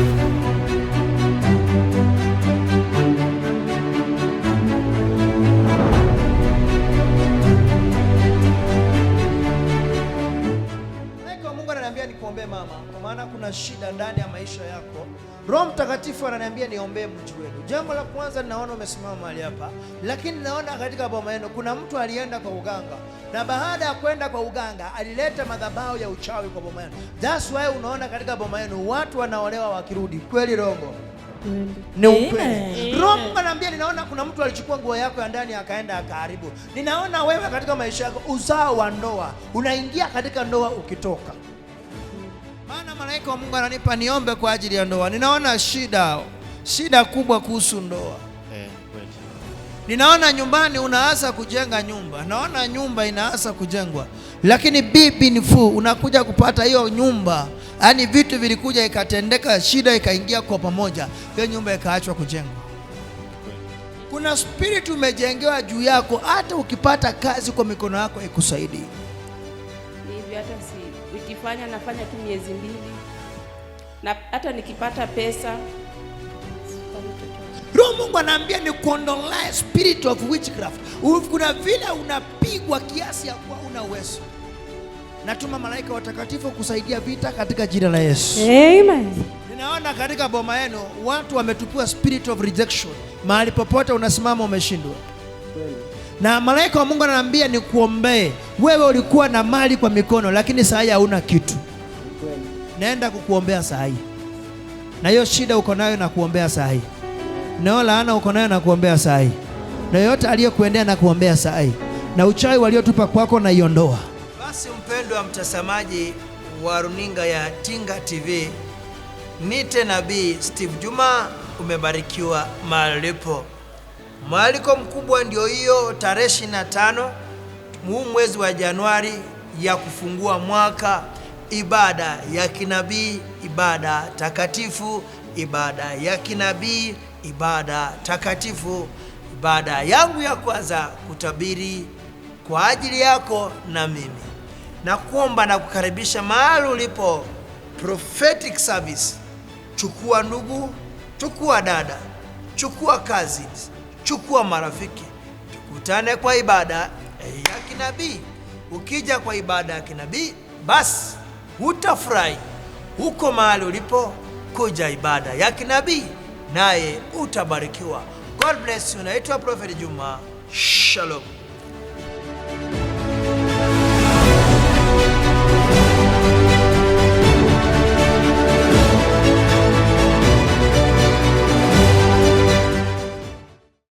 Thank you. umwombee mama, kwa maana kuna shida ndani ya maisha yako. Roho Mtakatifu ananiambia niombee mtu wenu. Jambo la kwanza, ninaona umesimama mahali hapa, lakini naona katika boma yenu kuna mtu alienda kwa uganga, na baada ya kwenda kwa uganga alileta madhabahu ya uchawi kwa boma yenu. That's why unaona katika boma yenu watu wanaolewa wakirudi. Kweli Roho ni ukweli. Roho Mungu anaambia, ninaona kuna mtu alichukua nguo yako ya ndani akaenda akaharibu. Ninaona wewe katika maisha yako uzao wa ndoa, unaingia katika ndoa ukitoka maana malaika wa Mungu ananipa niombe kwa ajili ya ndoa. Ninaona shida, shida kubwa kuhusu ndoa eh. Ninaona nyumbani unaasa kujenga nyumba, naona nyumba inaasa kujengwa, lakini bibi nifuu unakuja kupata hiyo nyumba, yaani vitu vilikuja ikatendeka, shida ikaingia kwa pamoja, hiyo nyumba ikaachwa kujengwa. Kuna spiriti umejengewa juu yako, hata ukipata kazi kwa mikono yako ikusaidii kazi nikifanya nafanya tu miezi mbili, na hata nikipata pesa. Roho Mungu anaambia ni kuondolea spirit of witchcraft. Kuna vile unapigwa kiasi ya kuwa una uwezo. Natuma malaika watakatifu kusaidia vita katika jina la Yesu. Amen. Ninaona katika boma yenu watu wametupiwa spirit of rejection. Mahali popote unasimama umeshindwa, na malaika wa Mungu anaambia ni kuombee wewe ulikuwa na mali kwa mikono, lakini saa hii hauna kitu. Naenda kukuombea saa hii, na hiyo shida uko nayo na kuombea saa hii, na laana uko nayo na kuombea saa hii, na yote aliyokuendea na kuombea saa hii, na uchawi waliotupa kwako na iondoa. Basi mpendwa mtazamaji wa runinga ya Tinga TV, nite nabii Steve Juma, umebarikiwa malipo. Mwaliko mkubwa ndio hiyo tarehe 25 huu mwezi wa Januari ya kufungua mwaka, ibada ya kinabii, ibada takatifu, ibada ya kinabii, ibada takatifu. Ibada yangu ya kwanza kutabiri kwa ajili yako na mimi, na kuomba na kukaribisha mahali ulipo prophetic service. Chukua ndugu, chukua dada, chukua cousins, chukua marafiki, tukutane kwa ibada ya kinabii. Ukija kwa ibada ya kinabii, basi utafurahi huko mahali ulipo kuja ibada ya kinabii, naye utabarikiwa. God bless you. Naitwa Prophet Juma. Shalom.